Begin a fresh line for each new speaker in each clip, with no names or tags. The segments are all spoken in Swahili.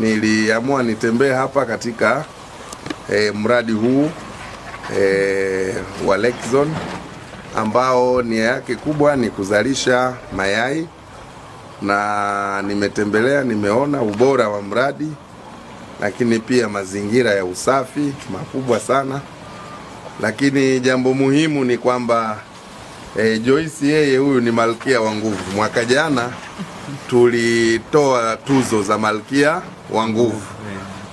niliamua nitembee hapa katika e, mradi huu e, wa Lexon ambao nia yake kubwa ni kuzalisha mayai, na nimetembelea, nimeona ubora wa mradi, lakini pia mazingira ya usafi makubwa sana, lakini jambo muhimu ni kwamba Eh, Joyce yeye huyu ni malkia wa nguvu. Mwaka jana tulitoa tuzo za malkia wa nguvu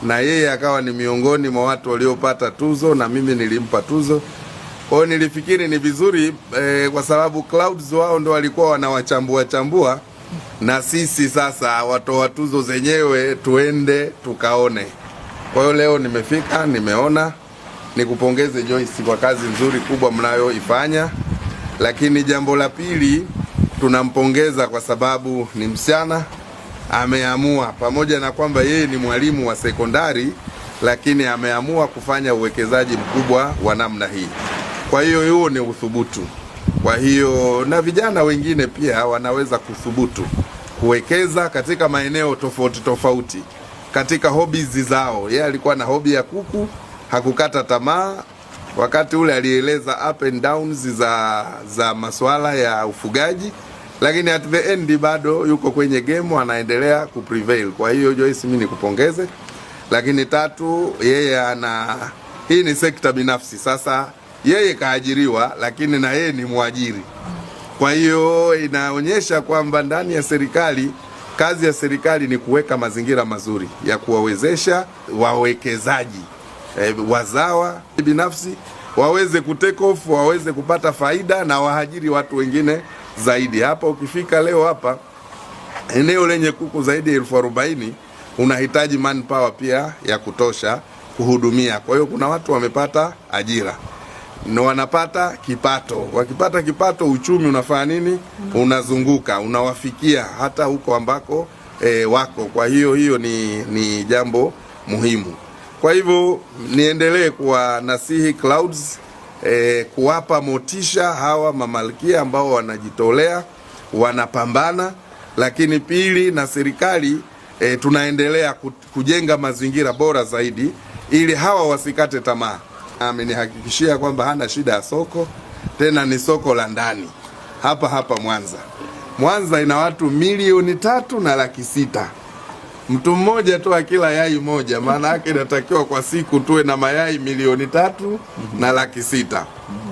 na yeye akawa ni miongoni mwa watu waliopata tuzo na mimi nilimpa tuzo. Kwa hiyo nilifikiri ni vizuri e, kwa sababu Clouds wao ndo walikuwa wanawachambua chambua, na sisi sasa watoa tuzo zenyewe tuende tukaone. Kwa hiyo leo nimefika, nimeona. Nikupongeze Joyce kwa kazi nzuri kubwa mnayoifanya. Lakini jambo la pili tunampongeza kwa sababu ni msichana ameamua, pamoja na kwamba yeye ni mwalimu wa sekondari, lakini ameamua kufanya uwekezaji mkubwa wa namna hii. Kwa hiyo huo ni uthubutu. Kwa hiyo na vijana wengine pia wanaweza kuthubutu kuwekeza katika maeneo tofauti tofauti katika hobbies zao. Yeye alikuwa na hobi ya kuku, hakukata tamaa wakati ule alieleza up and downs za, za masuala ya ufugaji, lakini at the end bado yuko kwenye game anaendelea prevail. Kwa hiyo Joyce, mimi nikupongeze, lakini tatu, yeye ana hii ni sekta binafsi. Sasa yeye kaajiriwa, lakini na yeye ni mwajiri. Kwa hiyo inaonyesha kwamba ndani ya serikali kazi ya serikali ni kuweka mazingira mazuri ya kuwawezesha wawekezaji eh, wazawa binafsi waweze kutake off, waweze kupata faida na wahajiri watu wengine zaidi. Hapa ukifika leo hapa eneo lenye kuku zaidi ya elfu arobaini unahitaji manpower pia ya kutosha kuhudumia. Kwa hiyo kuna watu wamepata ajira na wanapata kipato. Wakipata kipato, uchumi unafanya nini? Unazunguka, unawafikia hata huko ambako e, wako. Kwa hiyo hiyo ni, ni jambo muhimu. Kwa hivyo niendelee kuwanasihi Clouds eh, kuwapa motisha hawa mamalkia ambao wanajitolea wanapambana, lakini pili na serikali eh, tunaendelea kujenga mazingira bora zaidi ili hawa wasikate tamaa. Amenihakikishia kwamba hana shida ya soko, tena ni soko la ndani hapa hapa Mwanza. Mwanza ina watu milioni tatu na laki sita mtu mmoja tu akila yai moja, maana yake inatakiwa kwa siku tuwe na mayai milioni tatu na laki sita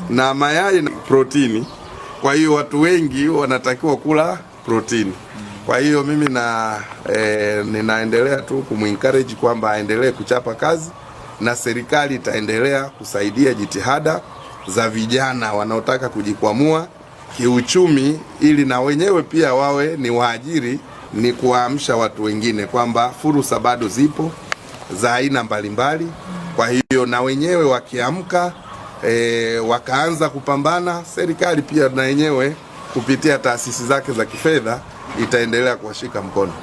na mayai na protini. Kwa hiyo watu wengi wanatakiwa kula protini. Kwa hiyo mimi na e, ninaendelea tu kumwencourage kwamba aendelee kuchapa kazi na serikali itaendelea kusaidia jitihada za vijana wanaotaka kujikwamua kiuchumi ili na wenyewe pia wawe ni waajiri ni kuwaamsha watu wengine kwamba fursa bado zipo za aina mbalimbali. Kwa hiyo na wenyewe wakiamka e, wakaanza kupambana, serikali pia na yenyewe kupitia taasisi zake za kifedha itaendelea kuwashika mkono.